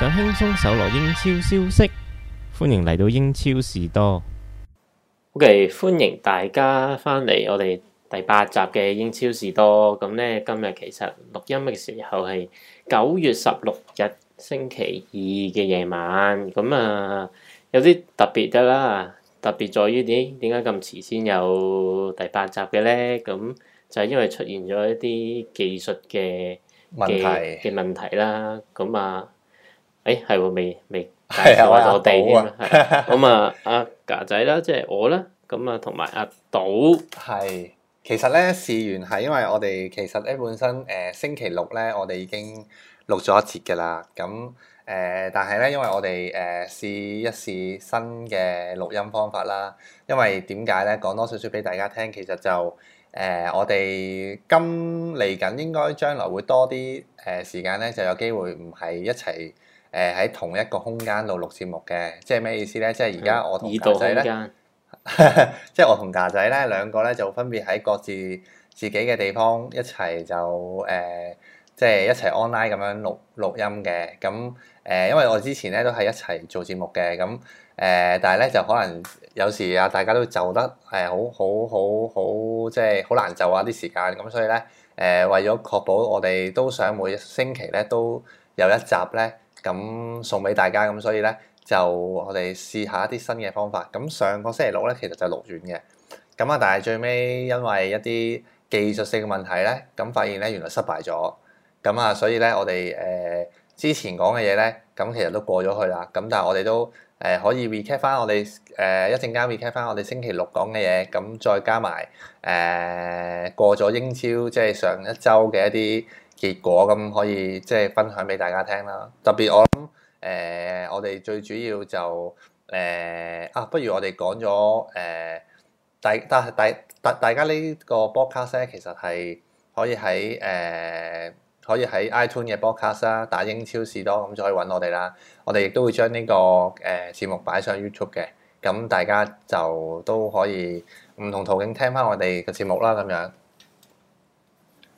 想輕鬆搜羅英超消息，歡迎嚟到英超士多。OK，歡迎大家翻嚟我哋第八集嘅英超士多。咁呢今日其實錄音嘅時候係九月十六日星期二嘅夜晚。咁啊有啲特別嘅啦，特別在於點？點解咁遲先有第八集嘅呢？咁就係因為出現咗一啲技術嘅問題嘅問題啦。咁啊～誒，係喎、哎，未未介紹我哋添的、嗯、啊！咁、嗯、啊，阿、 啊、格仔啦，即係我啦，咁啊，同埋阿賭係。其實咧試完係、呃嗯呃，因為我哋其實咧本身誒星期六咧，我哋已經錄咗一節噶啦。咁誒，但係咧，因為我哋誒試一試新嘅錄音方法啦。因為，為呢點解咧，講多少少俾大家聽，其實就誒、呃、我哋今嚟緊應該將來會多啲誒時間咧，就有機會唔係一齊。誒喺、呃、同一個空間度錄節目嘅，即係咩意思咧？即係而家我同牙仔咧， 即係我同牙仔咧兩個咧就分別喺各自自己嘅地方一齊就誒、呃，即係一齊 online 咁樣錄錄音嘅。咁誒、呃，因為我之前咧都係一齊做節目嘅，咁誒、呃，但係咧就可能有時啊，大家都就得誒、呃、好好好好即係好難就啊啲時間，咁所以咧誒、呃，為咗確保我哋都想每一星期咧都有一集咧。咁送俾大家，咁所以咧就我哋試下一啲新嘅方法。咁上個星期六咧，其實就錄完嘅。咁啊，但係最尾因為一啲技術性嘅問題咧，咁發現咧原來失敗咗。咁啊，所以咧我哋誒、呃、之前講嘅嘢咧，咁其實都過咗去啦。咁但係我哋都誒、呃、可以 recap 翻我哋誒、呃、一陣間 recap 翻我哋星期六講嘅嘢，咁再加埋誒、呃、過咗英超即係上一周嘅一啲。結果咁可以即係分享俾大家聽啦。特別我諗誒、呃，我哋最主要就誒、呃、啊，不如我哋講咗誒、呃，大但係大大大家呢個 broadcast 咧，其實係可以喺誒、呃、可以喺 iTune 嘅 broadcast 啦，打英超士多咁就可以揾我哋啦。我哋亦都會將呢、呢個誒、呃、節目擺上 YouTube 嘅，咁大家就都可以唔同途徑聽返我哋嘅節目啦。咁樣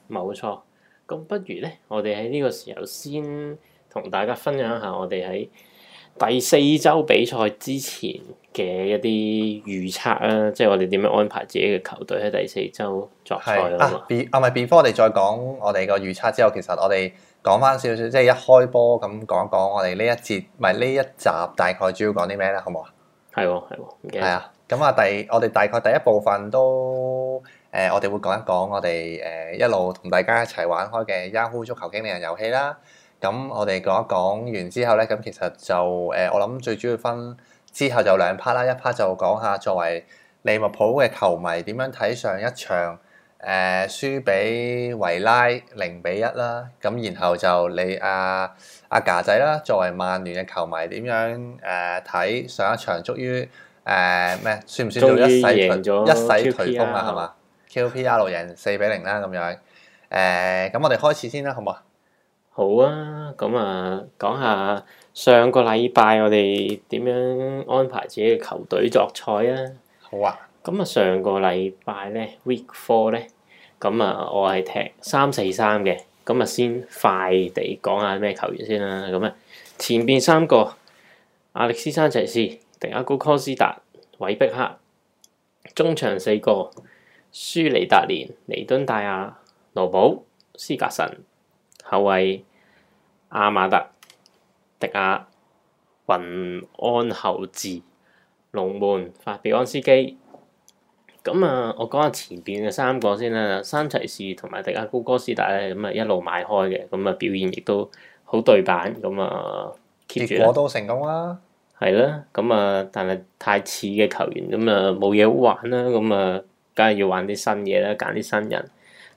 冇錯。咁不如咧，我哋喺呢個時候先同大家分享下我哋喺第四周比賽之前嘅一啲預測啦，即係我哋點樣安排自己嘅球隊喺第四周作賽啦嘛。啊，啊唔係 before 我哋再講我哋個預測之後，其實我哋講翻少少，即係一開波咁講一講我哋呢一節，唔係呢一集，大概主要講啲咩咧，好唔好、哦哦、啊？係喎，係喎，係啊。咁啊，第我哋大概第一部分都。誒、呃，我哋會講一講我哋誒、呃、一路同大家一齊玩開嘅 Yahoo 足球經理人遊戲啦。咁、嗯、我哋講一講完之後咧，咁其實就誒、呃，我諗最主要分之後就兩 part 啦。一 part 就講下作為利物浦嘅球迷點樣睇上一場誒輸俾維拉零比一啦。咁、嗯、然後就你阿阿 G 仔啦，作為曼聯嘅球迷點樣誒睇上一場終於誒咩？算唔算做一世贏咗 QPR 啊？係嘛？PR Q.P.R. 贏四比零啦、呃，咁樣誒，咁我哋開始先啦，好唔好啊？好、嗯、啊，咁啊，講下上個禮拜我哋點樣安排自己嘅球隊作賽啊？好啊，咁啊、嗯，上個禮拜咧，Week Four 咧，咁、嗯、啊，我係踢三四三嘅，咁、嗯、啊，先快地講下咩球員先啦。咁、嗯、啊，前邊三個阿力斯山齊斯，迪阿古科斯達韋碧克，中場四個。舒尼達連、尼敦大亞、羅寶、斯格神、後衛阿馬特、迪亞、雲安侯治、龍門、法比安斯基。咁啊，我講下前邊嘅三個先啦、啊。山齊士同埋迪亞高哥斯達咧，咁啊一路賣開嘅，咁啊表現亦都好對版。咁啊，keep 住。我、啊、都成功啦。係啦、啊，咁啊，但係太似嘅球員，咁啊冇嘢好玩啦，咁啊。梗係要玩啲新嘢啦，揀啲新人。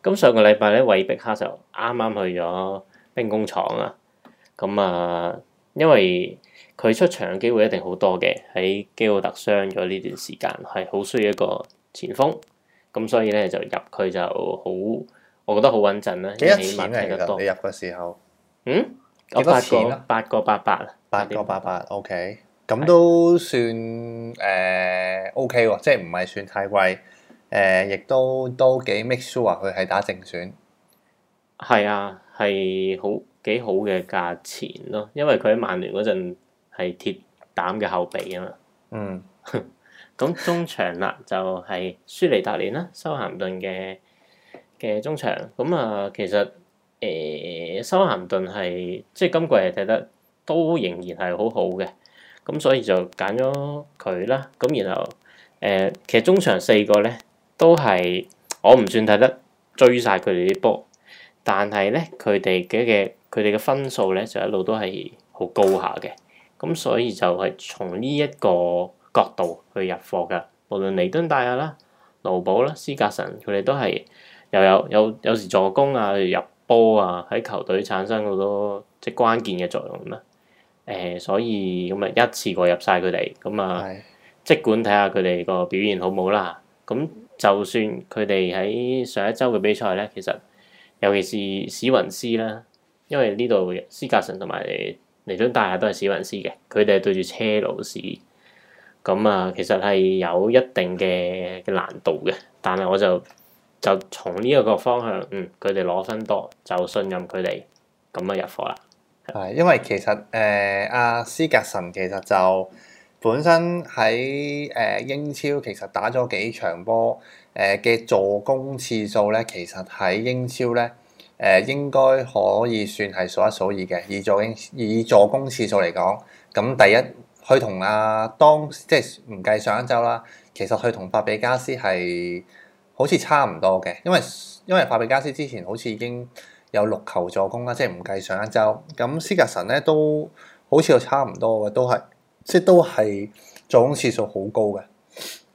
咁上個禮拜咧，韋碧克就啱啱去咗兵工廠啊。咁啊，因為佢出場嘅機會一定好多嘅，喺基奧特傷咗呢段時間，係好需要一個前鋒。咁所以咧就入佢就好，我覺得好穩陣啦。幾錢嚟噶？你入嘅時候，嗯，幾多錢啊？八八，八百的，八個八百，OK，咁都算誒 OK 喎，即係唔係算太貴？誒，亦都都幾 make sure 佢係打正選，係啊，係好幾好嘅價錢咯、啊。因為佢喺曼聯嗰陣係鐵膽嘅後備啊嘛。嗯，咁 中場啦、啊，就係、是、舒尼達連啦、啊，修咸頓嘅嘅中場。咁啊，其實誒修、呃、咸頓係即係今季係睇得都仍然係好好嘅，咁所以就揀咗佢啦。咁然後誒、呃，其實中場四個咧。都係我唔算睇得追晒佢哋啲波，但係咧佢哋嘅嘅，佢哋嘅分數咧就一路都係好高下嘅，咁所以就係從呢一個角度去入貨噶。無論尼敦大亞啦、勞保啦、斯格臣，佢哋都係又有有有時助攻啊、入波啊，喺球隊產生好多即係關鍵嘅作用啦、啊。誒、呃，所以咁啊一次過入晒佢哋，咁啊，即管睇下佢哋個表現好冇啦。咁。就算佢哋喺上一周嘅比賽呢，其實尤其是史雲斯啦，因為呢度斯格神同埋尼敦大夏都係史雲斯嘅，佢哋係對住車路士，咁啊，其實係有一定嘅嘅難度嘅。但係我就就從呢一個方向，嗯，佢哋攞分多，就信任佢哋咁啊入貨啦。因為其實誒阿斯格神其實就本身喺誒英超其實打咗幾場波，誒嘅助攻次數咧，其實喺英超咧誒、呃、應該可以算係數一數二嘅。以助英以助攻次數嚟講，咁第一佢同阿當即係唔計上一周啦，其實佢同法比加斯係好似差唔多嘅，因為因為法比加斯之前好似已經有六球助攻啦，即係唔計上一周。咁斯格臣咧都好似又差唔多嘅，都係。即都係助攻次數好高嘅，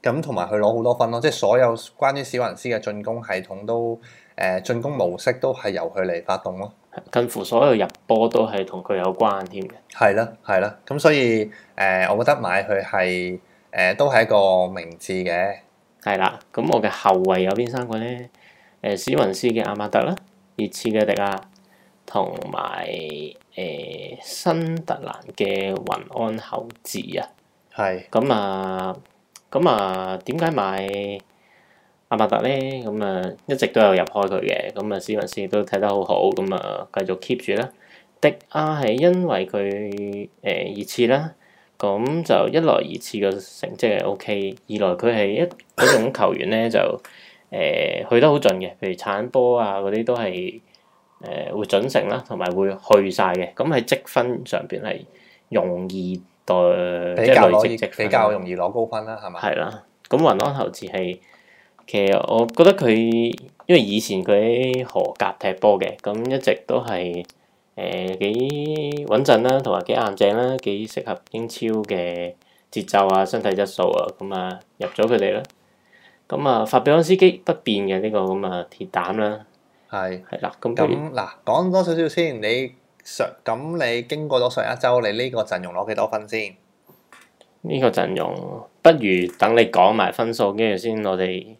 咁同埋佢攞好多分咯。即所有關於史雲斯嘅進攻系統都，誒、呃、進攻模式都係由佢嚟發動咯。近乎所有入波都係同佢有關添嘅。係啦，係啦。咁所以誒、呃，我覺得買佢係誒都係一個明智嘅。係啦。咁我嘅後衞有邊三個咧？誒史雲斯嘅阿馬特啦，熱刺嘅迪亞。同埋誒新特蘭嘅雲安口字啊，係咁啊，咁啊，點解、啊、買阿伯特咧？咁啊一直都有入開佢嘅，咁啊斯文斯亦都睇得好好，咁啊繼續 keep 住啦。迪亞係因為佢誒熱刺啦，咁、呃、就一來熱刺嘅成績係 O K，二來佢係一嗰種球員咧就誒、呃、去得好盡嘅，譬如鏟波啊嗰啲都係。誒會準成啦，同埋會去晒嘅，咁喺積分上邊係容易代，即係累積積分比較容易攞高分啦，係咪？係啦，咁雲安侯資係其實我覺得佢因為以前佢喺荷甲踢波嘅，咁一直都係誒幾穩陣啦，同埋幾硬正啦，幾適合英超嘅節奏啊，身體質素啊，咁啊入咗佢哋啦，咁啊法比安斯基不變嘅呢個咁啊鐵膽啦。係，係啦。咁咁嗱，講多少少先。你上咁你經過咗上一周，你呢個陣容攞幾多分先？呢個陣容，不如等你講埋分數，跟住先我哋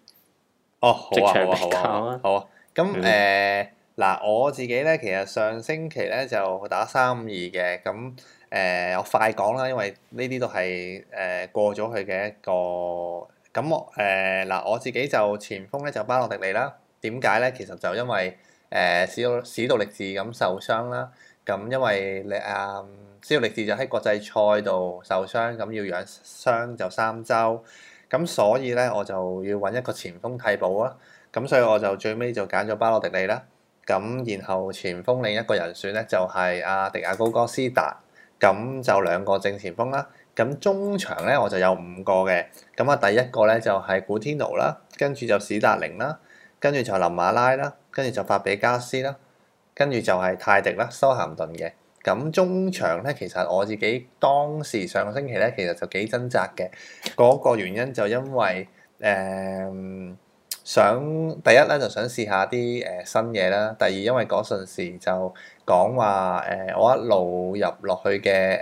哦，好啊，好啊。好啊。咁誒嗱，我自己咧，其實上星期咧就打三五二嘅。咁誒、呃，我快講啦，因為呢啲都係誒、呃、過咗去嘅一個。咁我誒嗱，我自己就前鋒咧就巴洛迪尼啦。點解咧？其實就因為誒史史度力治咁受傷啦。咁因為你啊史度力治就喺國際賽度受傷，咁要養傷就三週。咁所以咧我就要搵一個前鋒替補啦。咁所以我就最尾就揀咗巴洛迪利啦。咁然後前鋒另一個人選咧就係阿迪亞高哥斯達。咁就兩個正前鋒啦。咁中場咧我就有五個嘅。咁啊第一個咧就係古天奴啦，跟住就史達寧啦。跟住就林馬拉啦，跟住就法比加斯啦，跟住就係泰迪啦，修咸頓嘅。咁中場咧，其實我自己當時上個星期咧，其實就幾掙扎嘅。嗰、那個原因就因為誒、嗯、想第一咧，就想試一下啲誒新嘢啦。第二，因為嗰陣時就講話誒，我一路入落去嘅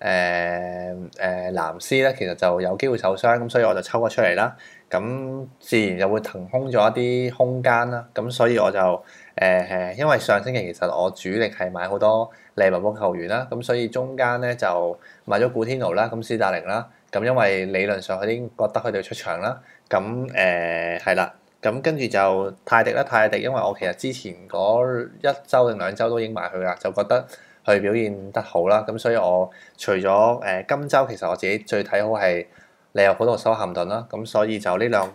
誒誒誒藍斯咧，其實就有機會受傷，咁所以我就抽咗出嚟啦。咁自然就會騰空咗一啲空間啦，咁所以我就誒誒、呃，因為上星期其實我主力係買好多利物浦球員啦，咁所以中間咧就買咗古天奴啦，咁斯達寧啦，咁因為理論上佢已經覺得佢哋出場啦，咁誒係啦，咁、呃、跟住就泰迪啦，泰，泰迪，因為我其實之前嗰一周定兩周都已買埋佢啦，就覺得佢表現得好啦，咁所以我除咗誒、呃、今週其實我自己最睇好係，利物浦同修咸頓啦，咁所以就呢兩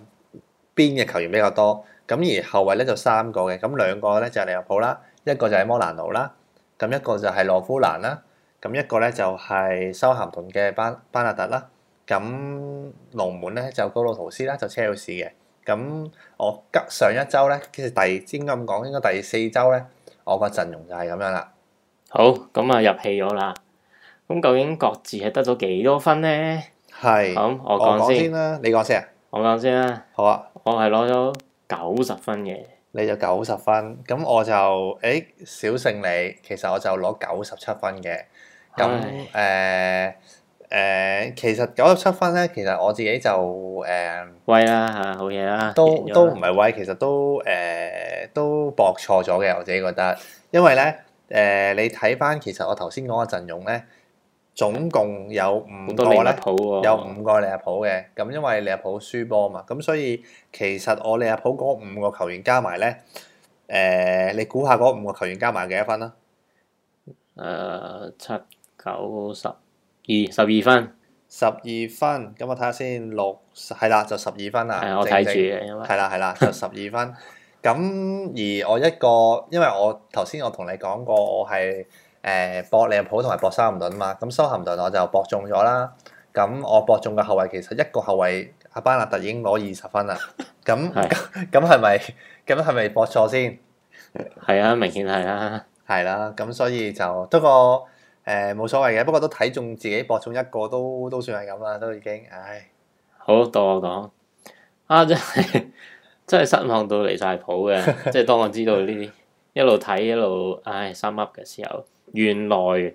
邊嘅球員比較多，咁而後衛咧就三個嘅，咁兩個咧就係利物浦啦，一個就係摩蘭奴啦，咁一個就係羅夫蘭啦，咁一個咧就係修咸頓嘅班班納特啦，咁龍門咧就高路圖斯啦，就車路士嘅，咁我上一周咧其實第應該咁講，應該第四周咧，我個陣容就係咁樣啦，好，咁啊入戲咗啦，咁究竟各自係得咗幾多分咧？係，咁我講先啦，你講先啊。我講先啦。好啊，我係攞咗九十分嘅。你就九十分，咁我就誒小、欸，勝你。其實我就攞九十七分嘅。咁誒誒，其實九十七分咧，其實我自己就誒，威啦吓，好嘢啦。都了都唔係威，其實都誒、呃、都搏錯咗嘅，我自己覺得。因為咧，誒、呃、你睇翻，其實我頭先講嘅陣容咧。總共有五個咧，有五個利物浦嘅，咁因為利物浦輸波啊嘛，咁所以其實我利物浦嗰五個球員加埋咧，誒，你估下嗰五個球員加埋幾多分啦？誒，七九十二，十二分，十二分，咁我睇下先，六，係啦，就十二分啦，係我睇住嘅，因為係啦係啦，就十二分，咁而我一個，因為我頭先我同你講過，我係。誒、呃、博利物浦同埋博修咸頓啊嘛，咁修咸頓我就博中咗啦。咁我博中嘅後衞其實一個後衞阿班納特已經攞二十分啦。咁咁係咪？咁係咪博錯先？係 啊，明顯係啦、啊。係啦、啊，咁所以就不過誒冇所謂嘅，不過都睇中自己博中一個都都算係咁啦，都已經唉。好，到我講。啊，真係真係失望到離晒譜嘅， 即係當我知道呢啲一路睇一路唉，唉心鬱嘅時候。原來誒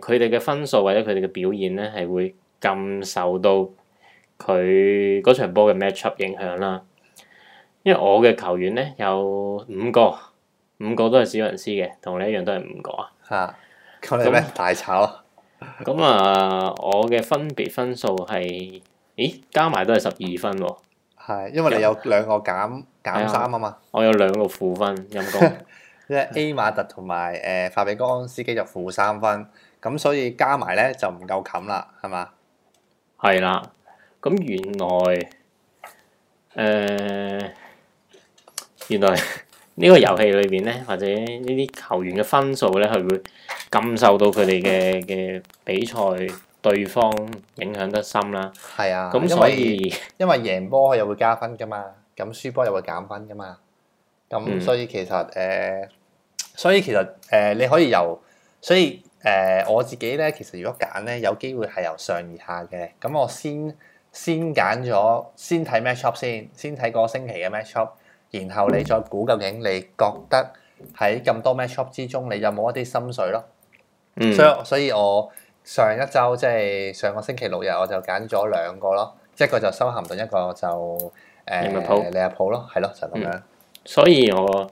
佢哋嘅分數或者佢哋嘅表現咧係會咁受到佢嗰場波嘅 matchup 影響啦。因為我嘅球員咧有五個，五個都係小人師嘅，同你一樣都係五個啊。嚇咁咧大炒？啊那，咁啊 ，uh, 我嘅分別分數係，咦？加埋都係十二分喎、啊。係，因為你有兩個減減三啊嘛。啊我有兩個負分，有冇？即係 A 馬特同埋誒，法比安斯基，就負三分，咁所以加埋咧就唔夠冚啦，係嘛？係啦，咁原來誒、呃，原來個遊戲面呢個遊戲裏邊咧，或者呢啲球員嘅分數咧，係會感受到佢哋嘅嘅比賽對方影響得深啦。係啊的，咁所以因為贏波又會加分噶嘛，咁輸波又會減分噶嘛。咁所以其實誒，所以其實誒，你可以由，所以誒我自己咧，其實如果揀咧，有機會係由上而下嘅。咁我先先揀咗，先睇 matchup 先，先睇個星期嘅 matchup，然後你再估究竟你覺得喺咁多 matchup 之中，你有冇一啲心水咯？所以所以我上一週即係上個星期六日，我就揀咗兩個咯，一個就修咸頓，一個就誒利亞普咯，係咯，就咁樣。所以我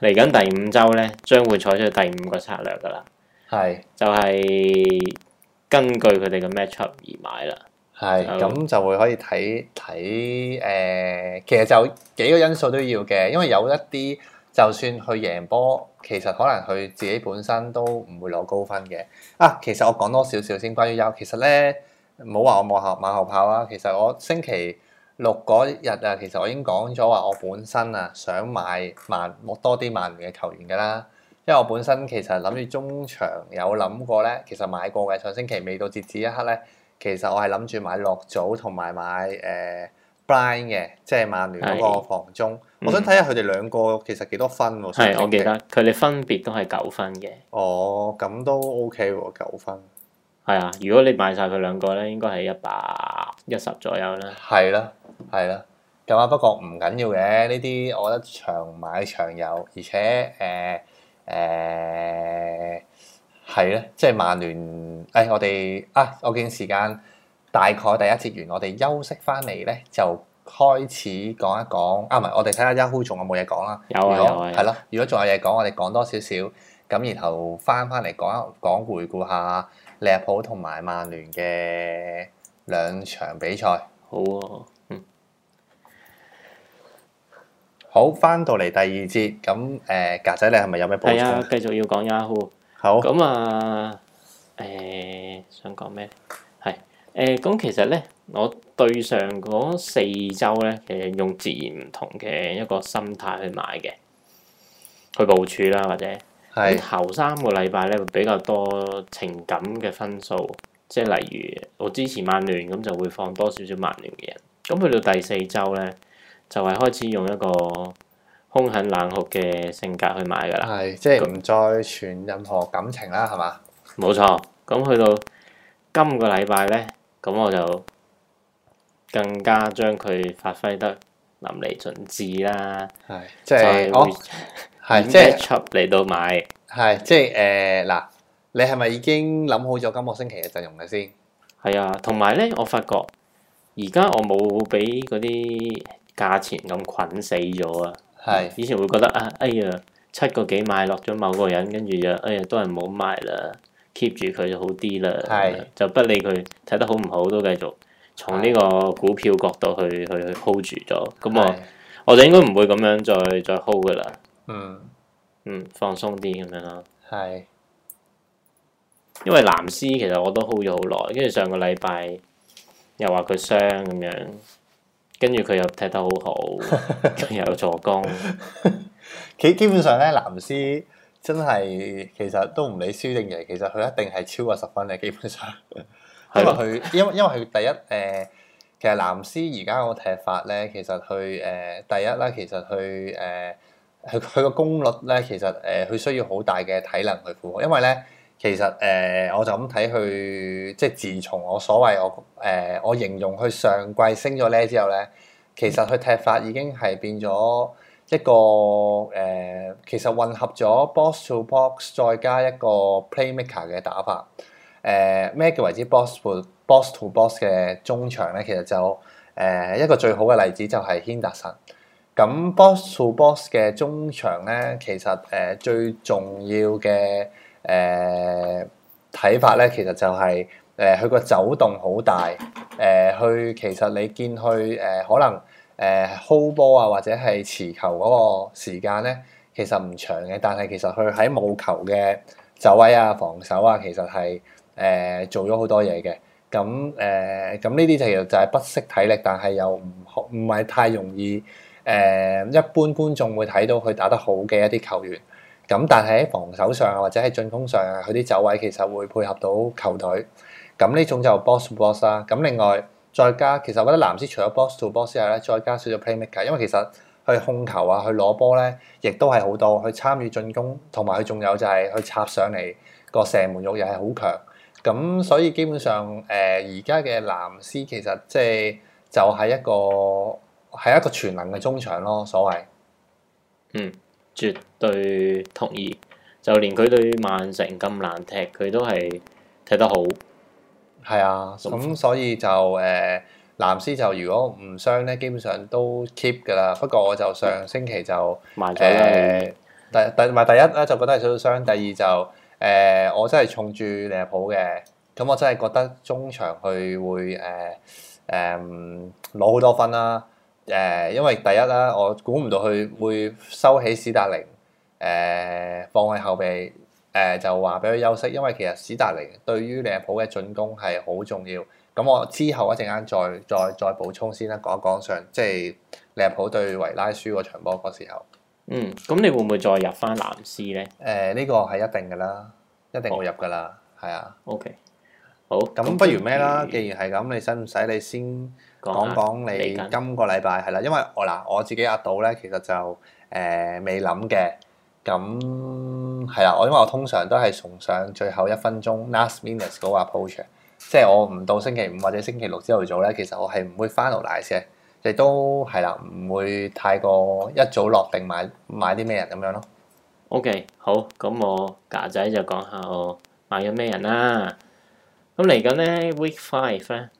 嚟緊第五周咧，將會採取第五個策略噶啦。係是，就係根據佢哋嘅 matchup 而買啦。係是，咁就，就會可以睇睇誒，其實就幾個因素都要嘅，因為有一啲就算去贏波，其實可能佢自己本身都唔會攞高分嘅。啊，其實我講多少少先關於休，其實咧唔好話我馬後馬後炮啊，其實我星期六嗰日啊，其實我已經講咗話，我本身啊想買曼多啲曼聯嘅球員噶啦，因為我本身其實諗住中場有諗過咧，其實買過嘅上星期未到截止一刻咧，其實我係諗住買洛祖同埋買誒、呃、Blind 嘅，即係曼聯嗰個防中。是我想睇下佢哋兩個其實幾多分喎、啊？係，我記得佢哋分別都係九分嘅。哦，咁都 OK 喎、啊，九分。係啊，如果你買晒佢兩個咧，應該係一百一十左右啦。係啦，係啦，咁啊不過唔緊要嘅，呢啲我覺得長買長有，而且誒誒係咧，即係曼聯誒、哎、我哋啊，我見時間大概第一節完，我哋休息翻嚟咧就開始講一講啊，唔係我哋睇下 Yahoo 仲有冇嘢講啦。有啊，係咯，如果仲有嘢講，我哋講多少少，咁然後翻翻嚟講一講回顧下。利物浦同埋曼聯嘅兩場比賽，好啊。嗯、好，翻到嚟第二節，咁誒、呃、格仔，你係咪有咩？係啊，繼續要講 Yahoo。好。咁啊，誒、呃、想講咩？係誒，咁、呃嗯、其實咧，我對上嗰四周咧，誒其實用截然唔同嘅一個心態去買嘅，去部署啦，或者。咁是頭三個禮拜咧，會比較多情感嘅分數，即係例如我支持曼聯咁就會放多少少曼聯嘅人。咁去到第四週咧，就係、是、開始用一個兇狠冷酷嘅性格去買㗎啦。係，即係唔再存任何感情啦，係嘛？冇錯。咁去到今個禮拜咧，咁我就更加將佢發揮得淋漓盡致啦。係，即係係即係出嚟到買，係即係誒嗱，你係咪已經諗好咗今個星期嘅陣容嘅先？係啊，同埋咧，我發覺而家我冇俾嗰啲價錢咁捆死咗啊！係是以前會覺得啊，哎呀，七個幾買落咗某個人，跟住就哎呀，都係唔好買啦，keep 住佢就好啲啦。係是、啊、就不理佢睇得好唔好都繼續從呢個股票角度去是去去 hold 住咗。咁啊是，我我哋應該唔會咁樣再再 hold 噶啦。嗯，嗯，放鬆啲咁樣囉。係是，因為藍斯其實我都 hold 咗好耐，跟住上個禮拜又話佢傷咁樣，跟住佢又踢得好好，跟 又助攻。佢 基本上咧，藍斯真係其實都唔理輸定贏，其實佢一定係超過十分嘅，基本上。 因為佢他， 因為因為佢第一，誒、呃，其實藍斯而家個踢法咧，其實去，誒、呃，第一啦，其實去，誒、呃。佢佢個功率咧，其實誒佢、呃、需要好大嘅體能去負荷，因為咧，其實誒、呃、我就咁睇佢，即係自從我所謂我誒、呃、我形容佢上季升咗 level 之後咧，其實佢踢法已經係變咗一個誒、呃，其實混合咗 box to box 再加一個 playmaker 嘅打法。誒、呃、咩叫為之 box to box to box 嘅中場咧？其實就誒、呃、一個最好嘅例子就係亨達臣。咁 box to box 嘅中場咧，其實誒、呃、最重要嘅誒睇法咧，其實就係誒佢個走動好大，誒、呃、去其實你見佢誒可能誒、呃、hold ball 啊，或者係持球嗰個時間咧，其實唔長嘅，但係其實佢喺冇球嘅走位啊、防守啊，其實係誒、呃、做咗好多嘢嘅。咁誒咁呢啲就其實就係不惜體力，但係又唔唔係太容易。誒、嗯、一般觀眾會睇到佢打得好嘅一啲球員，咁但係喺防守上啊，或者喺進攻上啊，佢啲走位其實會配合到球隊，咁呢種就 box to box、啊、啦。咁另外再加，其實我覺得藍絲除咗 box to box 之外咧，再加少少 playmaker，因為其實去控球啊，去攞波咧，亦都係好多去參與進攻，同埋佢仲有就係去插上嚟個射門肉又係好強。咁所以基本上誒而家嘅藍絲其實即係就係一個。係一個全能嘅中場咯，所謂。嗯，絕對同意。就連佢對曼城咁難踢，佢都係踢得好。係啊，咁時所以就誒、呃，藍斯就如果唔傷咧，基本上都 keep 噶啦。不過我就上星期就賣咗第第，埋第一咧就覺得係少少傷，第二就誒、呃，我真係沖住利物浦嘅，咁我真係覺得中場去會誒誒攞好多分啦、啊。誒，因為第一啦，我估唔到佢會收起史達寧，誒、呃、放喺後備，誒、呃、就話俾佢休息。因為其實史達寧對於利物浦嘅進攻係好重要。咁我之後一陣間再再再補充先啦，講一講上即係利物浦對維拉輸嗰場波嗰時候。嗯，咁你會唔會再入翻藍斯咧？誒、呃、呢、這個係一定嘅啦，一定會入嘅啦，係啊、哦。的 o、okay. K，好。咁不如咩啦？嗯、既然係咁，你使唔使你先？講講你今個禮拜係啦，因為我嗱我自己押到咧，其實就誒未諗嘅。咁係啦，我因為我通常都係送上最後一分鐘 last minutes 嗰個 approach，即係我唔到星期五或者星期六之後做咧，其實我係唔會翻到 nice 嘅，亦都係啦，唔會太過一早落定買買啲咩人咁樣咯。OK，好，咁我格仔就講下我買咗咩人啦。咁嚟緊咧 week five 咧。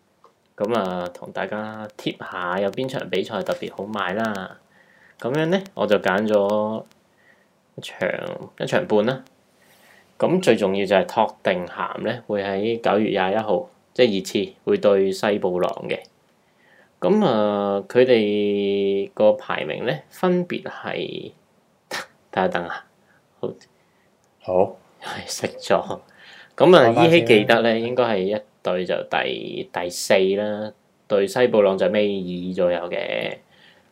咁啊，同、嗯、大家貼下有邊場比賽特別好賣啦。咁樣呢，我就揀咗一場一場半啦。咁、嗯、最重要就係托定咸呢，會喺九月廿一號，即係熱刺會對西布朗嘅。咁、嗯、啊，佢哋個排名呢，分別係，大家等等啊，好，好係食咗。咁啊，依、嗯、稀記得呢，應該係一。對就第第四啦，對西布朗就咩二左右嘅，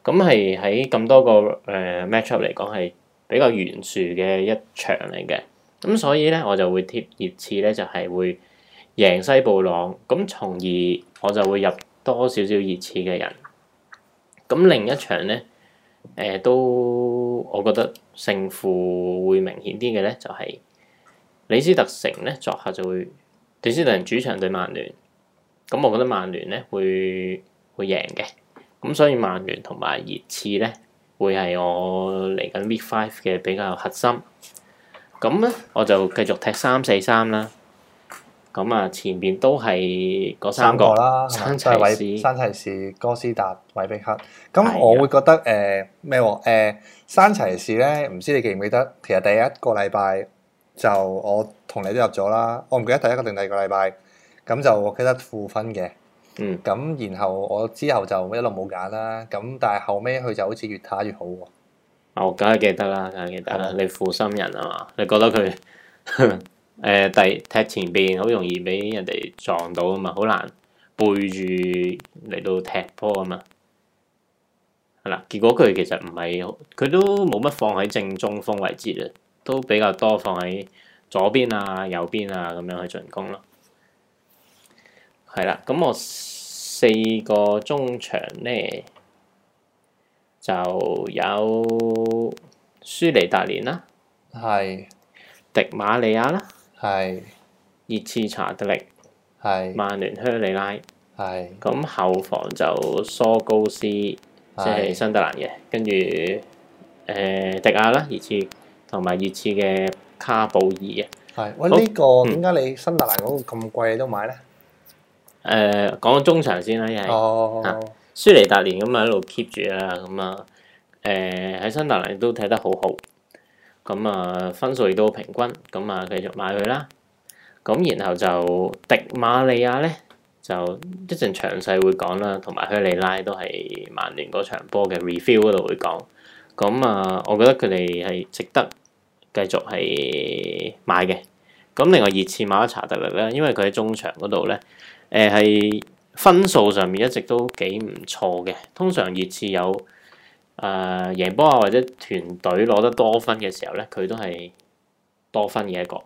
咁係喺咁多個誒、呃、matchup 嚟講係比較懸殊嘅一場嚟嘅，咁所以呢，我就會貼熱刺呢就係、是、會贏西布朗，咁從而我就會入多少少熱刺嘅人，咁另一場呢，誒、呃、都我覺得勝負會明顯啲嘅呢，就係李斯特城呢作客就會。迪斯尼主場對曼聯，咁我覺得曼聯咧會會贏嘅，咁所以曼聯同埋熱刺咧會係我嚟緊 week five 嘅比較核心，咁咧我就繼續踢三四三啦，咁啊前邊都係嗰三個啦，山齊士、山齊士、哥斯達、韋柏克，咁我會覺得誒咩喎？誒對了、呃呃、山齊士咧唔知你記唔記得？其實第一個禮拜。就我同你都入咗啦，我唔記得第一個定第二個禮拜，咁就我記得負分嘅。嗯，咁然後我之後就一路冇揀啦。咁但係後尾佢就好似越打越好喎。哦，梗係記得啦，梗係記得啦。吧你負心人啊嘛？你覺得佢誒第踢前邊好容易俾人哋撞到啊嘛？好難背住嚟到踢波啊嘛？係啦，結果佢其實唔係，佢都冇乜放喺正中鋒位置啊。都比較多放喺左邊啊、右邊啊咁樣去進攻咯。係啦，咁我四個中場呢就有舒尼達連啦，係是迪馬利亞啦，係熱刺查德力，係是曼聯靴里拉，係咁是後防就蘇高斯即係是新德蘭嘅，跟住、呃、迪亞啦，熱刺。同埋熱刺嘅卡布爾啊，係、這個，喂，呢個點解你新特蘭嗰個咁貴都買咧？誒、呃，講中場先啦，又係，啊，舒尼達連咁啊一路 keep 住啊，咁啊，誒喺新特蘭亦都睇得好好，咁啊分數亦都平均，咁啊繼續買佢啦。咁然後就迪馬利亞咧，就一陣詳細會講啦，同埋希利拉都係曼聯嗰場波嘅 review 嗰度會講。咁啊，我覺得佢哋係值得繼續係買嘅。咁另外熱刺買咗查特力咧，因為佢喺中場嗰度咧，誒、呃、係分數上面一直都幾唔錯嘅。通常熱刺有誒贏波啊或者團隊攞得多分嘅時候咧，佢都係多分嘅一個。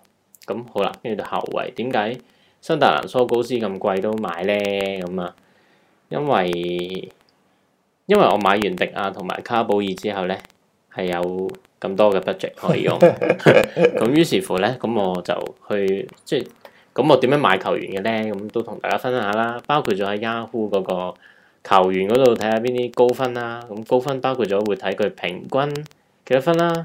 咁好啦，跟住到後衞，點解新達蘭蘇高斯咁貴都買咧？咁啊，因為因為我買完迪亞同埋卡保爾之後呢，係有咁多嘅 budget 可以用，咁 於是乎呢，咁我就去即係，咁我點樣買球員嘅呢？咁都同大家分享下啦，包括咗喺 Yahoo 嗰個球員嗰度睇下邊啲高分啦、啊，咁高分包括咗會睇佢平均幾多分啦、啊，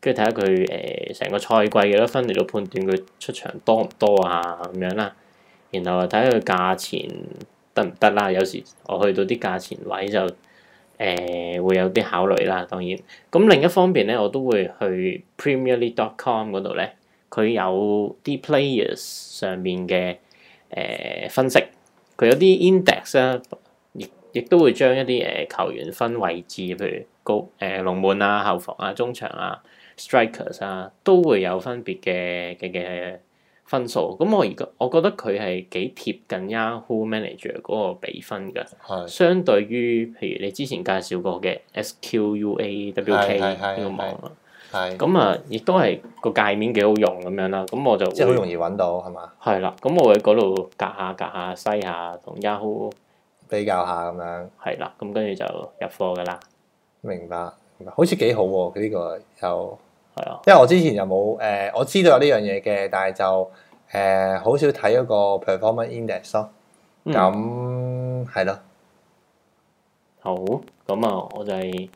跟住睇下佢誒成個賽季幾多分嚟到判斷佢出場多唔多啊咁樣啦，然後睇下佢價錢得唔得啦，有時我去到啲價錢位就。誒、呃、會有啲考慮啦，當然。咁另一方面咧，我都會去 PremierLeague.com 嗰度咧，佢有啲 players 上面嘅誒、呃、分析，佢有啲 index 啦、啊，亦亦都會將一啲誒、呃、球員分位置，譬如高誒、呃、龍門啊、後防啊、中場啊、strikers 啊，都會有分別嘅嘅嘅。分數，咁我而家我覺得佢係幾貼近 Yahoo Manager 嗰個比分噶，的相對於譬如你之前介紹過嘅 SQUAWK 呢個網咁啊，亦都係個界面幾好用咁樣啦。咁我就即係好容易揾到係咪？係啦，咁我喺嗰度隔下隔下西下同 Yahoo 比較下咁樣。係啦，咁跟住就入貨噶啦。明白，好似幾好佢呢個有。因為我之前又冇誒，我知道有呢樣嘢嘅，但係就誒好、呃、少睇一個 performance index 咯、哦。咁係咯，好，咁啊，我就係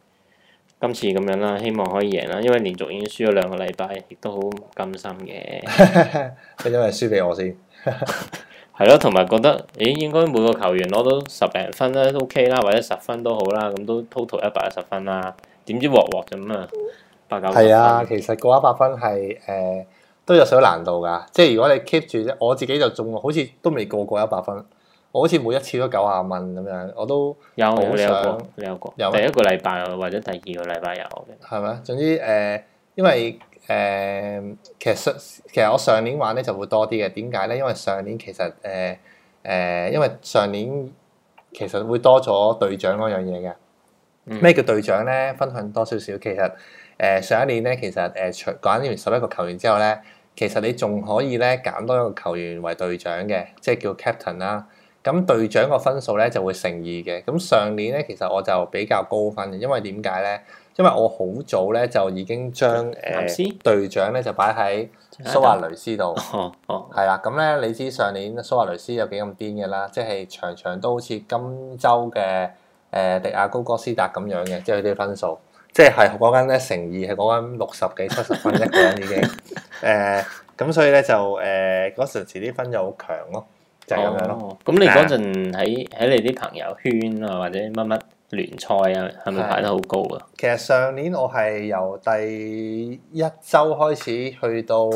今次咁樣啦，希望可以贏啦。因為連續已經輸咗兩個禮拜，亦都好甘心嘅。 你因為輸俾我先，係 咯， 同埋覺得，誒，應該每個球員攞到十零分啦，都 OK 啦，或者十分都好啦，咁都 total 一百一十分啦。點知鑊鑊咁啊？係啊，其實過一百分係誒、呃、都有少少難度噶，即係如果你 keep 住，我自己就中，好似都未過過一百分。我好似每一次都九廿蚊咁樣，我都想有上，你有過？有，過有第一個禮拜或者第二個禮拜有嘅。係咪啊？總之誒、呃，因為誒、呃，其實其實我上年玩咧就會多啲嘅。點解咧？因為上年其實誒誒、呃呃，因為上年其實會多咗隊長嗰樣嘢嘅。咩、嗯、叫隊長咧？分享多少少，其實～誒、呃、上一年咧，其實誒除揀完十一個球員之後咧，其實你仲可以咧揀多一個球員為隊長嘅，即係叫 captain 啦。咁隊長個分數咧就會乘二嘅。咁上年咧，其實我就比較高分嘅，因為點解咧？因為我好早咧就已經將誒、呃嗯、隊長咧就擺喺蘇亞雷斯度。哦、嗯、係嗯、啦。咁咧，你知上年蘇亞雷斯有幾咁癲嘅啦，即係場場都好似今週嘅誒、呃、迪亞高哥斯達咁樣嘅，即係佢啲分數。即係講緊咧成二係講緊六十幾七十分一個人已經，誒咁、 呃、所以咧就誒嗰陣時啲分就好強咯，就係、是、咁樣咯。咁、哦、你嗰陣喺喺你啲朋友圈啊或者乜乜聯賽啊，係咪排得好高啊？其實上年我係由第一週開始去到。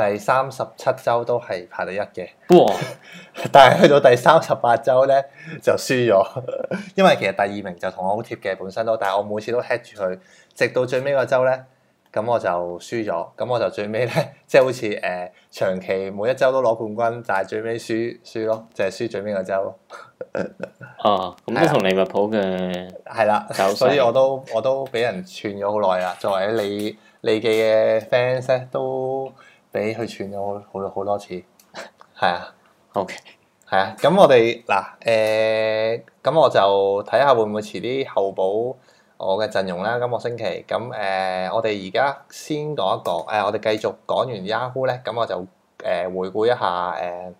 第三十七周都係排第一嘅，哇 但係去到第三十八周咧就輸咗， 因為其實第二名就同我好貼嘅，本身都，但係我每次都 hit 住佢，直到最尾個周咧，咁我就輸咗，咁我就最尾咧，即係好似誒長期每一周都攞冠軍，但係最尾輸輸咯，即係輸最尾個周。哦、 啊，咁同利物浦嘅係啦，心所以我都我都俾人串咗好耐啦，作為你你嘅 fans 咧都。俾佢串咗好，好，好多次，係啊，OK，係啊，咁 Okay.、啊、我哋嗱，誒，咁、呃、我就睇下會唔會遲啲候補我嘅陣容啦。今個星期，咁誒、呃，我哋而家先講一講，誒、呃，我哋繼續講完 Yahoo 咧，咁我就誒、呃、回顧一下，誒、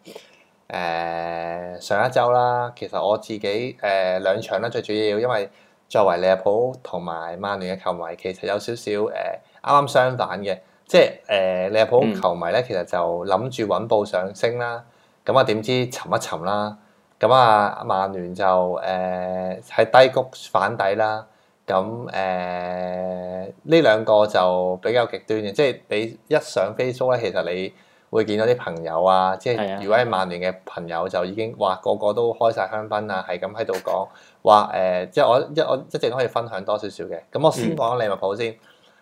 呃，誒上一週啦。其實我自己誒兩、呃、場啦，最主要因為作為利物浦同埋曼聯嘅球迷，其實有少少誒啱啱相反嘅。即係誒利物浦球迷咧，其實就諗住穩步上升啦，咁啊點知沉一沉啦，咁啊曼聯就誒喺、呃、低谷反底啦，咁誒呢兩個就比較極端嘅，即係你一上 Facebook 咧，其實你會見到啲朋友啊，即係如果係曼聯嘅朋友就已經哇個個都開晒香檳啊，係咁喺度講話誒，即係我一我一直可以分享多少少嘅，咁我先講下利物浦先。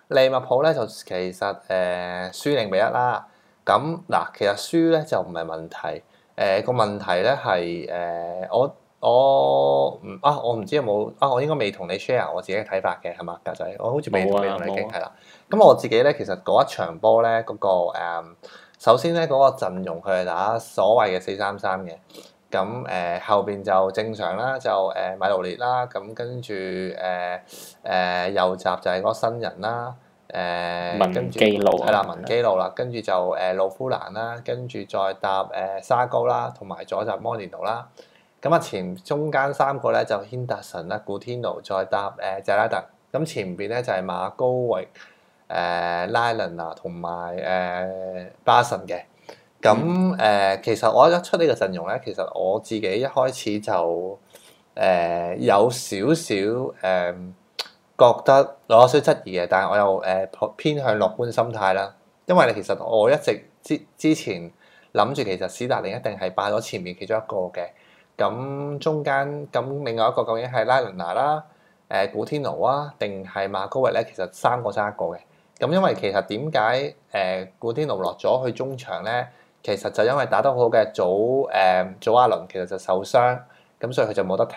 利物浦咧就其實誒、呃、輸零比一啦，咁嗱其實輸咧就唔係問題，誒、呃、個問題咧係誒我我唔啊我唔知有冇啊我應該未同你 share 我自己嘅睇法嘅係嘛，格仔，我好似未同你傾係啦，咁我自己咧其實嗰一場波咧嗰個、嗯、首先咧嗰、嗰個陣容佢係打所謂嘅四三三嘅。咁誒、呃、後邊就正常啦，就誒米盧列啦，咁跟住誒誒右閘就係嗰新人啦，誒跟住係啦文基路啦，跟住着、嗯、就誒魯、呃、夫蘭啦，跟住再搭誒、呃、沙高啦，同埋左閘摩連奴啦。咁啊前中間三個咧就軒達臣啦、古天奴，再搭誒謝、呃、拉特。咁前邊咧就係、是、馬高維、l、呃、拉倫 a 同埋誒巴神嘅。咁誒，其實我一出呢個陣容咧，其實我自己一開始就誒有少少誒覺得有少少質疑嘅，但係我又誒偏向樂觀心態啦。因為其實我一直之之前諗住其實史達寧一定係霸咗前面其中一個嘅，咁中間咁另外一個究竟係拉倫娜啦、誒古天奴啊，定係馬高域咧？其實三個爭一個嘅。咁因為其實點解誒古天奴落咗去中場咧？其實就因為打得好好嘅祖誒祖阿倫其實就受傷，咁所以佢就冇得踢，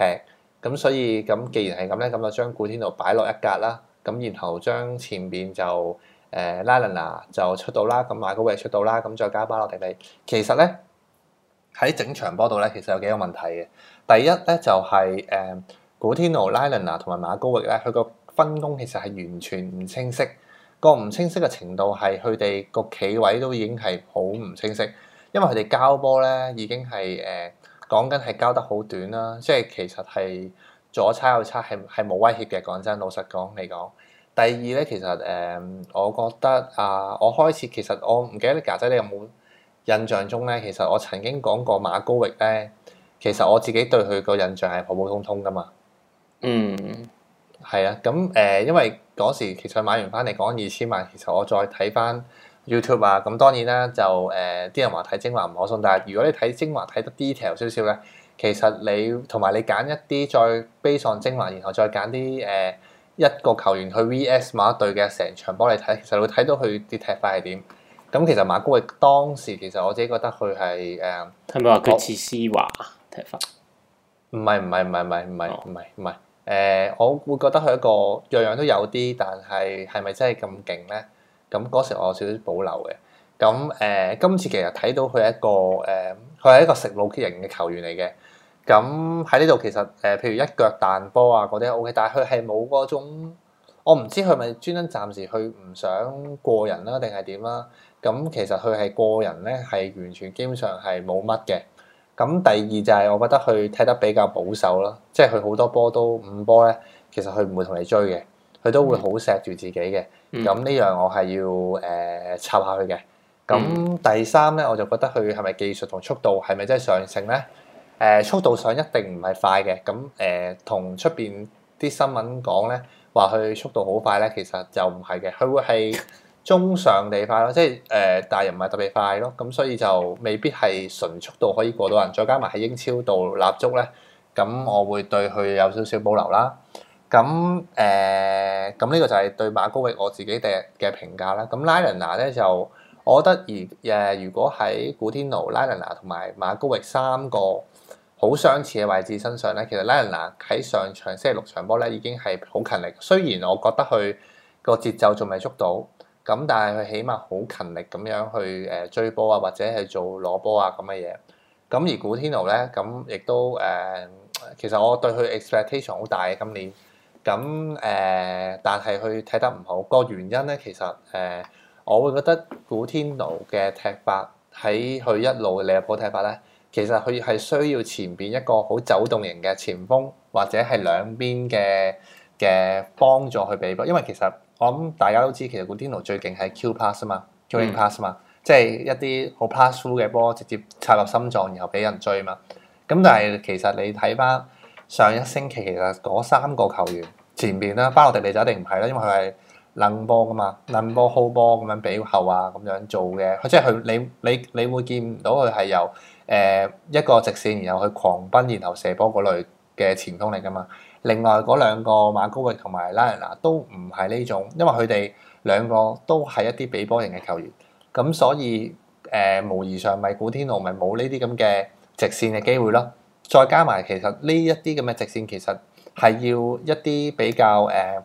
咁所以咁既然係咁咧，咁就將古天奴擺落一格啦，咁然後將前邊就誒拉倫娜就出到啦，咁馬高域出到啦，咁再加巴落迪底。其實咧喺整場波度咧，其實有幾個問題嘅。第一咧就係、是、誒、呃、古天奴、拉倫娜同埋馬高域咧，佢個分工其實係完全唔清晰。個唔清晰嘅程度係佢哋個企位都已經係好唔清晰，因為佢哋交波咧已經係誒、呃、講緊係交得好短啦，即係其實係左差右差，係係冇威脅嘅，講真，老實講嚟講。第二咧，其實誒、呃，我覺得啊、呃，我開始其實我唔記得你家姐你有冇印象中咧，其實我曾經講過馬高域咧，其實我自己對佢個印象係普普通通噶嘛。嗯。係啊，咁誒、呃，因為嗰時其實買完翻嚟講二千萬，其實我再睇翻 YouTube 啊，咁當然啦，就誒啲、呃、人話睇精華唔可信，但係如果你睇精華睇得 detail 少少咧，其實你同埋你揀一啲再 basic 精華，然後再揀啲誒一個球員去 VS 某一隊嘅成場幫你睇，其實你會睇到佢啲踢法係點。咁其實馬高域，當時其實我自己覺得佢係誒，係、呃、咪話佢似施華踢法？唔係唔係唔係唔係唔係唔係。誒、呃，我會覺得佢一個樣樣都有啲，但係係咪真係咁勁咧？咁嗰時我有少少保留嘅。咁誒、呃，今次其實睇到佢一個誒，佢、呃、係一個食腦型嘅球員嚟嘅。咁喺呢度其實誒、呃，譬如一腳彈波啊嗰啲 OK，但係佢係冇嗰種，我唔知佢係咪專登暫時去唔想過人啦、啊，定係點啦？咁其實佢係過人咧，係完全基本上係冇乜嘅。咁第二就係我覺得佢踢得比較保守咯，即係佢好多波都五波咧，其實佢唔會同你追嘅，佢都會好錫住自己嘅。咁呢、嗯、樣我係要誒、呃、插下佢嘅。咁第三咧，我就覺得佢係咪技術同速度係咪真係上乘咧？誒、呃，速度上一定唔係快嘅。咁、呃、誒，同出邊啲新聞講咧，話佢速度好快咧，其實就唔係嘅，佢會係。 中上地快咯，即係誒大人唔係特別快咯，咁、嗯、所以就未必係純速度可以過到人，再加埋喺英超度立足咧，咁、嗯、我會對佢有少少保留啦。咁、嗯、誒，咁、呃、呢、嗯這個就係對馬高域我自己嘅嘅評價啦。咁、嗯、拉倫娜咧就，我覺得而誒、呃，如果喺古天奴、拉倫娜同埋馬高域三個好相似嘅位置身上咧，其實拉倫娜喺上場星期六場波咧已經係好勤力，雖然我覺得佢個節奏仲未捉到。咁但係佢起碼好勤力咁樣去誒追波啊，或者係做攞波啊咁嘅嘢。咁而古天奴咧，咁亦都誒、呃，其實我對佢 expectation 好大嘅今年。咁、呃、誒，但係佢踢得唔好。個原因咧，其實誒、呃，我會覺得古天奴嘅踢法喺佢一路嘅利物浦踢法咧，其實佢係需要前邊一個好走動型嘅前鋒，或者係兩邊嘅嘅幫助去俾波，因為其實。我諗大家都知，其實古天奴最勁係 Q pass 啊嘛 Q pass 啊嘛，嗯、即係一啲好 pass through 嘅波，直接插入心臟然後俾人追嘛。咁但係其實你睇翻上一星期，其實嗰三個球員前邊咧，巴洛迪利就一定唔係啦，因為佢係冷波噶嘛，冷波好波咁樣俾後啊咁樣做嘅。佢即係佢你你你會見唔到佢係由誒一個直線，然後去狂奔，然後射波嗰類嘅前鋒嚟噶嘛。另外嗰兩個馬高域同埋拉蘭拿都唔係呢種，因為佢哋兩個都係一啲比波型嘅球員，咁所以誒無疑上咪古天奴咪冇呢啲咁嘅直線嘅機會咯。再加埋其實呢一啲咁嘅直線其實係要一啲比較誒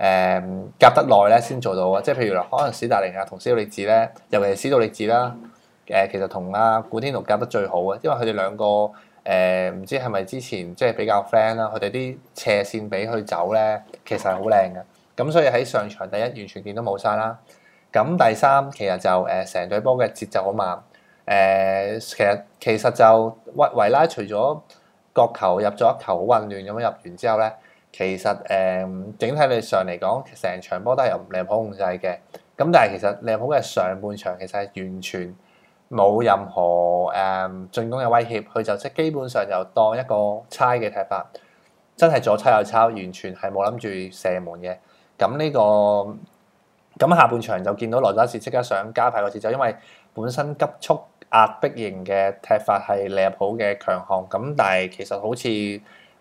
誒夾得耐咧先做到啊，即係譬如可能史達寧啊同斯杜力治咧，尤其係斯杜力治啦，誒其實同阿古天奴夾得最好啊，因為佢哋兩個。誒唔、呃、知係咪之前即係比較 friend 啦，佢哋啲斜線俾佢走咧，其實係好靚嘅。咁所以喺上場第一完全見到冇晒啦。咁第三其實就誒成、呃、隊波嘅節奏好慢，誒、呃、其實其實就維維拉除咗角球入咗一球好混亂咁樣入完之後咧，其實誒、呃、整體你上嚟講，成場波都係由利物浦控制嘅。咁但係其實利物浦嘅上半場其實係完全。冇任何誒、嗯、進攻嘅威脅，佢就即基本上就當一個差嘅踢法，真係左差右抄，完全係冇諗住射門嘅。咁呢、個咁下半場就見到羅渣士即刻想加快個節奏，因為本身急速壓迫型嘅踢法係利物浦嘅強項，咁但係其實好似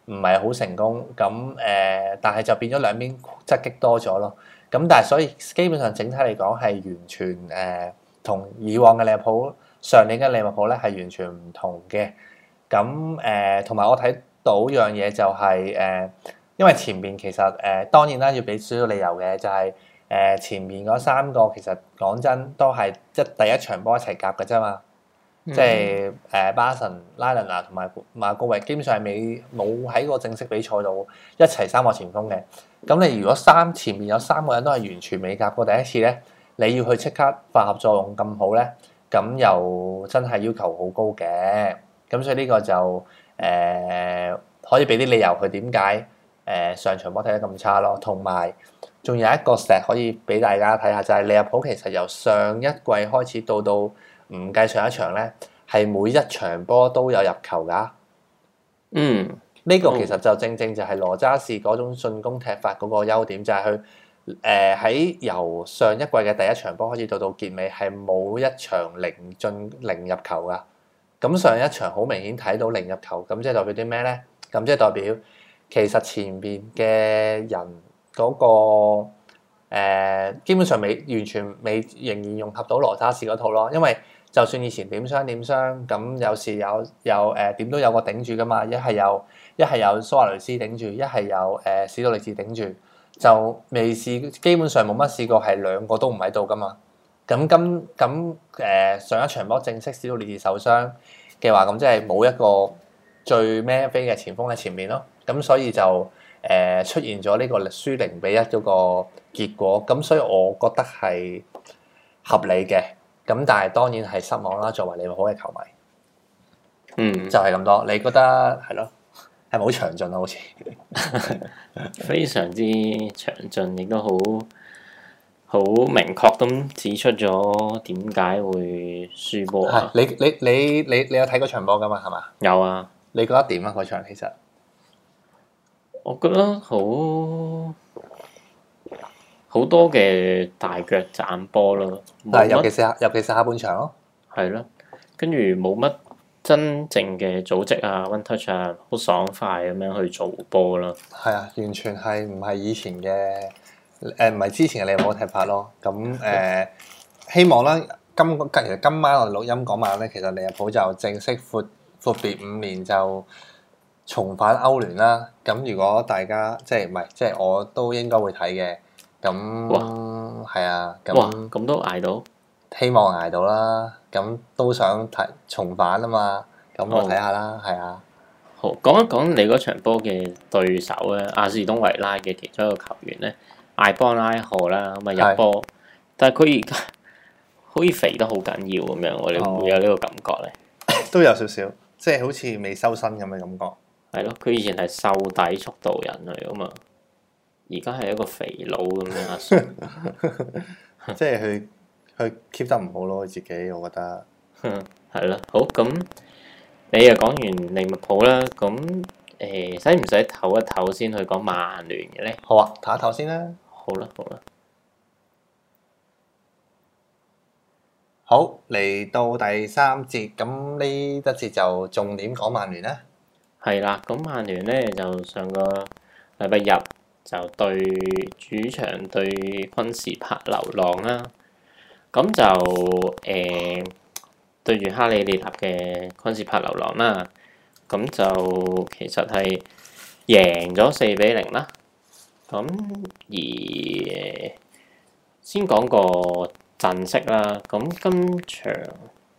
唔係好成功。咁誒、呃，但係就變咗兩邊側擊多咗咯。咁但係所以基本上整體嚟講係完全誒。呃同以往嘅利物浦，上年嘅利物浦咧係完全唔同嘅，咁誒同埋我睇到樣嘢就係、是、誒、呃，因為前面其實誒、呃、當然啦要俾少少理由嘅，就係、是、誒、呃、前面嗰三個其實講真都係一第一場波一齊夾嘅啫嘛，即係誒巴神、拉倫娜同埋馬高維基本上未冇喺個正式比賽度一齊三個前鋒嘅，咁你如果三前面有三個人都係完全未夾過第一次咧。你要去即刻化合作用咁好咧，咁又真係要求好高嘅，咁所以呢個就誒、呃、可以俾啲理由佢點解誒上場波踢得咁差咯，同埋仲有一個石可以俾大家睇下，就係、是、利物浦其實由上一季開始到到唔計上一場咧，係每一場波都有入球噶。嗯，呢個其實就正正就係羅渣士嗰種進攻踢法嗰個優點，就係去。誒喺由上一季嘅第一場波開始到到結尾係冇一場零進零入球㗎。咁上一場好明顯睇到零入球，咁即係代表啲咩咧？咁即係代表其實前邊嘅人嗰、那個、呃、基本上未完全未仍然融合到羅渣士嗰套咯。因為就算以前點傷點傷，咁有時有有誒、呃、點都有個頂住㗎嘛。一係有，一係有蘇亞雷斯頂住，一係有誒、呃、史杜力治頂住。就未試，基本上冇乜試過係兩個都唔喺度噶嘛。咁今咁誒上一場波正式史杜尼爾受傷嘅話，咁即係冇一個最孭飛嘅前鋒喺前面咯。咁所以就誒、呃、出現咗呢個輸零比一嗰個結果。咁所以我覺得係合理嘅。咁但係當然係失望啦，作為利物浦嘅球迷。嗯，就係咁多。你覺得係咯？嗯係咪好詳盡啊？好 似 非常之詳盡，亦都好好明確咁指出咗點解會輸波啊。係，你你你你你有睇過場波噶嘛？係嘛？有啊。你覺得點啊？嗰場其實我覺得好好多嘅大腳斬波咯，但係尤其是尤其是下半場咯，係咯、啊，跟住冇乜。真正嘅組織啊，One Touch 啊，好爽快咁樣去做波咯。係啊，完全係唔係以前嘅，誒唔係之前嘅利物浦踢法咯。咁誒，希望啦，今其實今晚我哋錄音嗰晚咧，其實利物浦就正式闊闊別五年就重返歐聯啦。咁如果大家即係唔係即係我都應該會睇嘅。咁係啊。哇！咁都捱到？希望捱到啦。咁都想提重返啊嘛，咁我睇下啦，係、哦、啊。好，講一講你嗰場波嘅對手咧，阿、啊、士東維拉嘅其中一個球員咧，艾邦拉荷啦，咁啊入波，對但係佢而家好似肥得好緊要咁樣，我哋會有呢個感覺咧、哦。都有少少，即、就、係、是、好似未收身咁嘅感覺。係咯、 哦，佢以前係瘦底速度人嚟噶嘛，而家係一個肥佬咁樣。即係佢。テ佢 keep 得唔好咯，佢自己我覺得係咯。好，咁，你又講完利物浦啦，咁誒使唔使唞一唞先去講曼聯嘅咧？好啊，唞一唞先啦。好啦，好啦。好，嚟到第三節，咁呢一節就重點講曼聯啦。係啦，咁曼聯咧就上個禮拜日就對主場對昆士柏流浪啦。咁就誒、呃，對住哈利利塔嘅昆士柏流浪啦，咁就其實係贏咗四比零啦。咁而先講個陣式啦，咁今場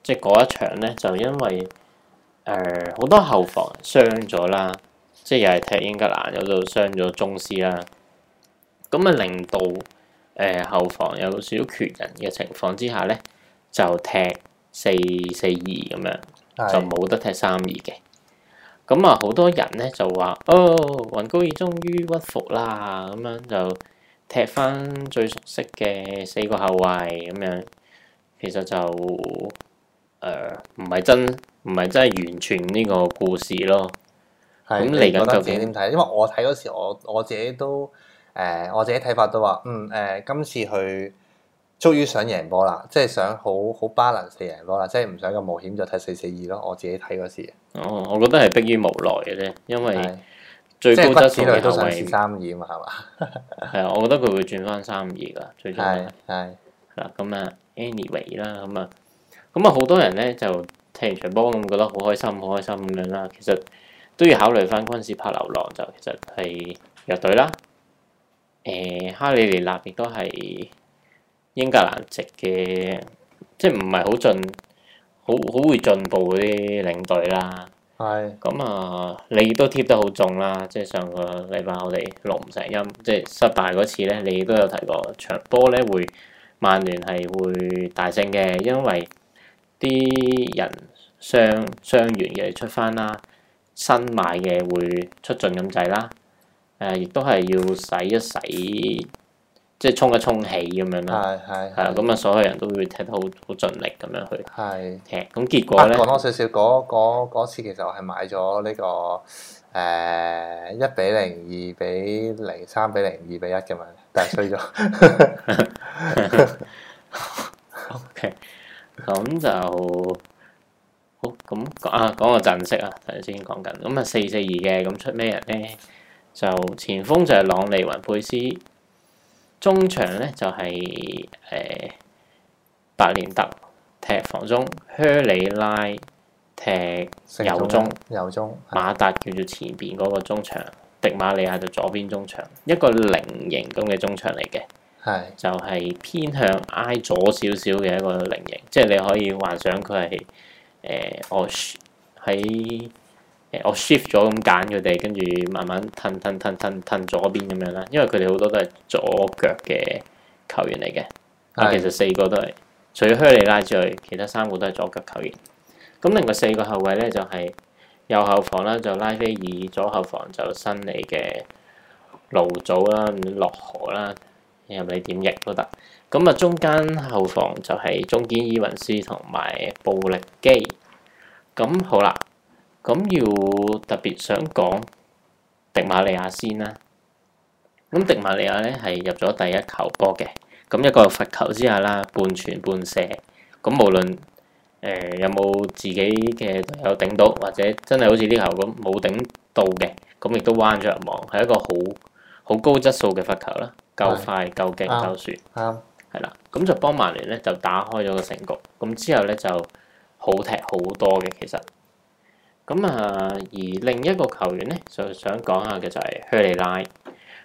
即係嗰一場咧，就因為誒好、呃、多後防傷咗啦，即係又係踢英格蘭有度傷咗鍾斯啦，咁啊令到。誒、呃、後防有少少缺人嘅情況之下咧，就踢四四二咁樣，係嘅就冇得踢三二嘅。咁、嗯、啊，好多人咧就話：哦，雲高爾終於屈服啦！咁樣就踢翻最熟悉嘅四個後衞咁樣。其實就誒唔係真唔係真係完全呢個故事咯。係咁嚟緊究竟點睇？因為我睇嗰時我，我我自己都。誒、呃、我自己睇法都話，嗯誒、呃，今次佢終於想贏波啦，即係想好好 balance 四贏波啦，即係唔想咁冒險就睇四四二咯。我自己睇嗰時、哦、我覺得係逼於無奈嘅啫，因為最高質素嘅都想試三二嘛，係嘛係啊。我覺得佢會轉翻三二噶，最終係係咁啊，anyway 啦咁啊，咁啊，好多人咧就踢完場波咁覺得好開心，好開心咁樣啦。其實都要考慮翻昆士柏流浪就其實係弱隊啦。誒，哈利尼納亦都係英格蘭籍嘅，即係唔係好進，好好會進步嗰啲領隊啦。係的。咁啊，你都貼得好重啦，即係上個禮拜我哋錄唔成音，即係失敗嗰次咧，你都有提過場波咧會，曼聯係會大勝嘅，因為啲人傷傷員嘅出翻啦，新買嘅會出進咁滯啦。誒，亦都係要洗一洗，即係衝一衝氣咁樣咯。係係。係啊，咁啊，所有人都會踢得好好盡力咁樣去。係。咁 結果咧？講多少少，嗰次其實我係買咗呢個誒一比零、二比零、三比零、二比一咁樣，但係衰咗。OK，咁就好咁講啊，講個陣式啊，頭先講緊，咁啊四四二嘅，咁出咩人咧？就前鋒就係朗尼雲佩斯，中場咧就係、是、誒、呃、白連特踢防中，靴里拉踢右中，右中，中馬達叫做前邊嗰個中場，是的 迪馬利亞就左邊中場，一個菱形咁嘅中場嚟嘅，是的 就係偏向挨左少少嘅一個菱形的，即係你可以幻想佢係誒我喺。呃呃誒，我 shift 咗咁揀佢哋，跟住慢慢褪褪褪褪褪左邊咁樣啦。因為佢哋好多都係左腳嘅球員嚟嘅，的其實四個都係，除咗靴尼拉之外，其他三個都係左腳球員。咁另外四個後衞咧就係、是、右後防啦，就拉菲爾；左後防就新嚟嘅路祖啦、落河啦，任你點譯都得。咁啊，中間後防就係中堅伊雲斯同埋暴力基。咁好啦。咁要特別想講迪馬利亞先啦，咁迪馬利亞咧係入咗第一球波嘅，咁一個罰球之下啦，半傳半射，咁無論誒、呃、有冇自己嘅隊友頂到，或者真係好似呢球咁冇頂到嘅，咁亦都彎咗入網，係一個好好高質素嘅罰球啦，夠快夠勁夠旋，啱，係啦，咁就幫曼聯咧就打開咗個成局，咁之後咧就好踢好多嘅其實。咁啊，而另一個球員咧，就想講下嘅就係靴利拉。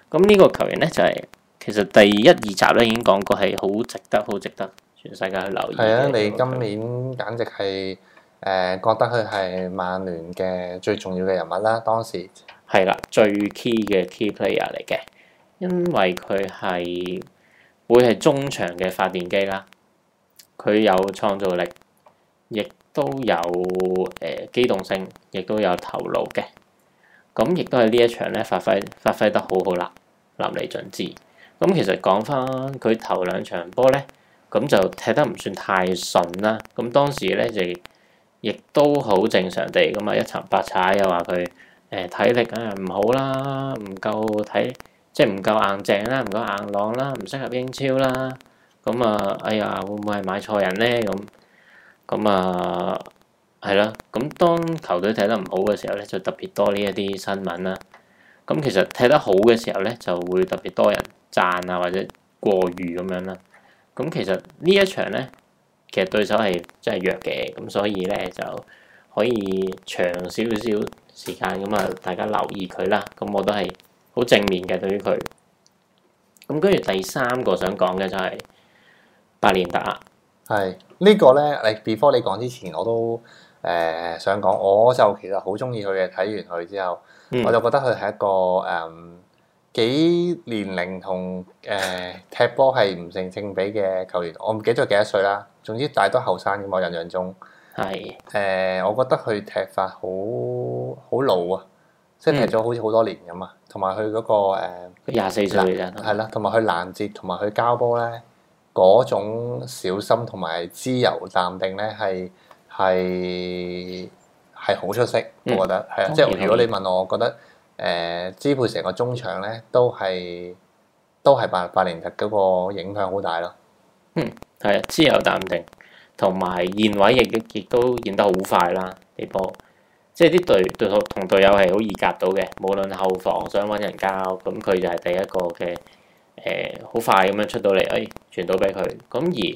咁呢個球員咧就係、是、其實第一二集咧已經講過係好值得、好值得全世界去留意。係啊，你今年簡直係誒、呃、覺得佢係曼聯嘅最重要嘅人物啦。當時係啦，最 key 嘅 key player 嚟嘅，因為佢係會係中場嘅發電機啦。佢有創造力，亦。都有誒、呃、機動性，亦都有頭腦嘅，咁亦都喺呢一場咧發揮發揮得好好啦，淋漓盡致。咁、嗯、其實講翻佢頭兩場波咧，咁就踢得唔算太順啦。咁、嗯、當時咧就亦都好正常地咁啊、嗯，一層白踩又話佢誒體力梗係唔好啦，唔夠睇，即係唔夠硬淨啦，唔夠硬朗啦，唔適合英超啦。咁、嗯、啊、嗯，哎呀，會唔會係買錯人咧咁？嗯。咁啊，係啦、嗯。咁當球隊踢得唔好嘅時候咧，就特別多呢一啲新聞啦。咁其實踢得好嘅時候咧，就會特別多人讚啊，或者過譽咁樣啦。咁其實呢一場咧，其實對手係真係弱嘅，咁所以咧就可以長少少時間咁啊，大家留意佢啦。咁我都係好正面嘅對於佢。咁跟住第三個想講嘅就係百連達。係、這個、呢個咧，你，before 你講之前，我都誒、呃、想講，我就其實好中意佢嘅，睇完佢之後，嗯、我就覺得佢係一個誒、嗯、幾年齡同誒踢波係唔成正比嘅球員，我唔記得咗幾多歲啦。總之大多後生嘅我印象中，係誒是、呃，我覺得佢踢法好好老啊，即係踢咗好似好多年咁啊。同埋佢嗰個誒廿四歲嘅係啦，同埋佢攔截，同埋佢交波咧。嗰種小心同埋自由淡定咧，係係係好出色，嗯、我覺得係啊。即係、嗯、是如果你問我，我覺得誒、呃、支配成個中場咧，都係都係八八零日嗰個影響好大咯。嗯，係啊，自由淡定同埋現位亦亦都演得好快啦呢波，即係啲隊隊同隊友係好易夾到嘅，無論後防想搵人交，咁佢就係第一個嘅。誒，好快咁樣出到嚟，哎，誒，傳到俾佢咁，而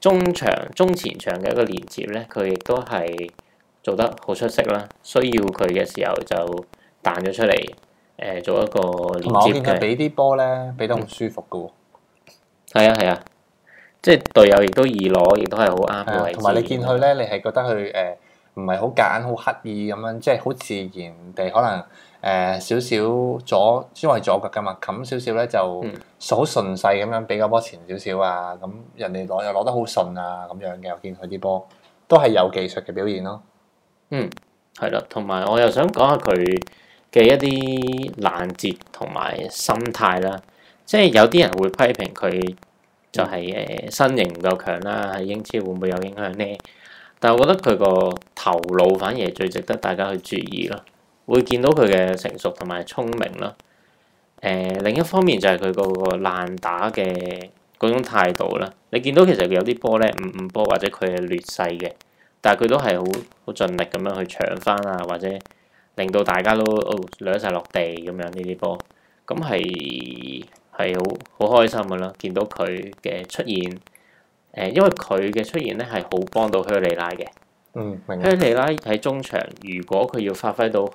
中場中前場嘅一個連接咧，佢亦都係做得好出色啦。需要佢嘅時候就彈咗出嚟，誒做一個連接嘅。同埋我見佢俾啲波咧，俾得好舒服噶。係啊係啊，即係隊友亦都易攞，亦都係好啱嘅位置。同埋你見佢咧，你係覺得佢誒唔係好夾硬，好刻意咁樣，即係好自然地可能。誒、呃、少少左，因為左腳噶嘛，冚少少咧就好順勢咁樣俾個波前少少啊，咁人哋攞又攞得好順啊，咁樣嘅，我見佢啲波都係有技術嘅表現咯。嗯，係啦，同埋我又想講下佢嘅一啲攔截同埋心態啦。即係有啲人會批評佢就係誒身形唔夠強啦，喺英超會唔會有影響呢？但係我覺得佢個頭腦反而係最值得大家去注意咯。會見到佢嘅成熟同埋聰明啦。誒、呃、另一方面就係佢嗰個爛打嘅嗰種態度啦。你見到其實有啲波咧，五五波或者佢係劣勢嘅，但係佢都係好好盡力咁樣去搶翻啊，或者令到大家都哦、兩晒落地咁樣呢啲波。咁係係好好開心噶啦，見到佢嘅出現。誒、呃，因為佢嘅出現咧係好幫到希利拉嘅。嗯，明。希利拉喺中場，如果佢要發揮到。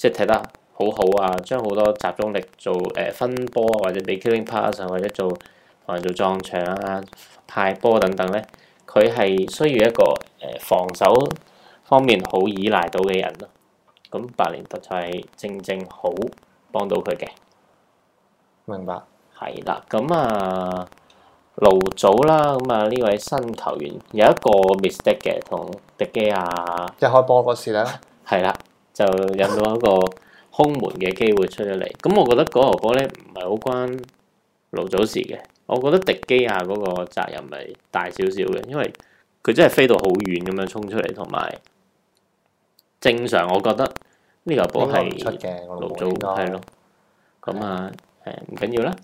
即係踢得好好啊！將好多集中力做誒、呃、分波，或者俾 killing pass，或者做或者做撞牆啊、派波等等咧，佢係需要一個誒、呃、防守方面好依賴到嘅人咯。咁白蓮特就係正正好幫到佢嘅。明白。係啦，咁啊盧祖啦，咁啊呢位新球員有一個 mistake 嘅，同迪基亞一開波嗰時啦。係啦。就引到一個空門嘅機會出咗嚟，咁我覺得嗰個波咧唔係好關盧祖事嘅，我覺得迪基亞嗰個責任咪大少少嘅，因為佢真係飛到好遠咁樣衝出嚟，同埋正常我覺得呢個波係盧祖係咯，咁啊，係唔緊要啦。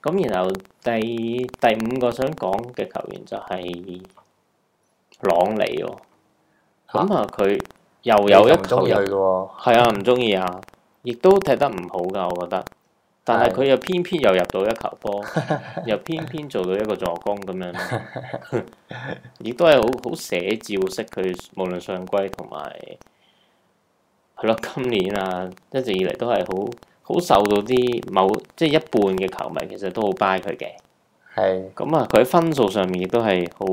咁然後第第五個想講嘅球員就係朗尼喎，咁啊佢。又有一球入，係、哦、啊，唔中意啊！亦都踢得唔好噶，我覺得。但係佢又偏偏又入到一球波， 又偏偏做到一個助攻咁樣，亦 都係好好寫照式。佢無論上季同埋係咯，今年啊一直以嚟都係好好受到啲某即係、就是、一半嘅球迷其實都好 buy 佢嘅。係。咁啊，佢喺分數上面亦都係好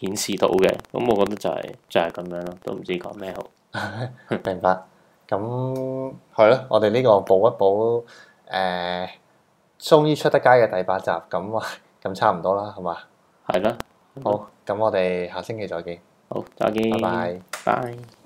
顯示到嘅。咁我覺得就係、是、就係、是、咁樣咯，都唔知講咩好。明白，咁係咯。我哋呢個補一補，誒終於出得街嘅第八集，咁咁差唔多啦，係嘛？係啦，好，咁的我哋下星期再見。好，再見。拜拜 bye。拜。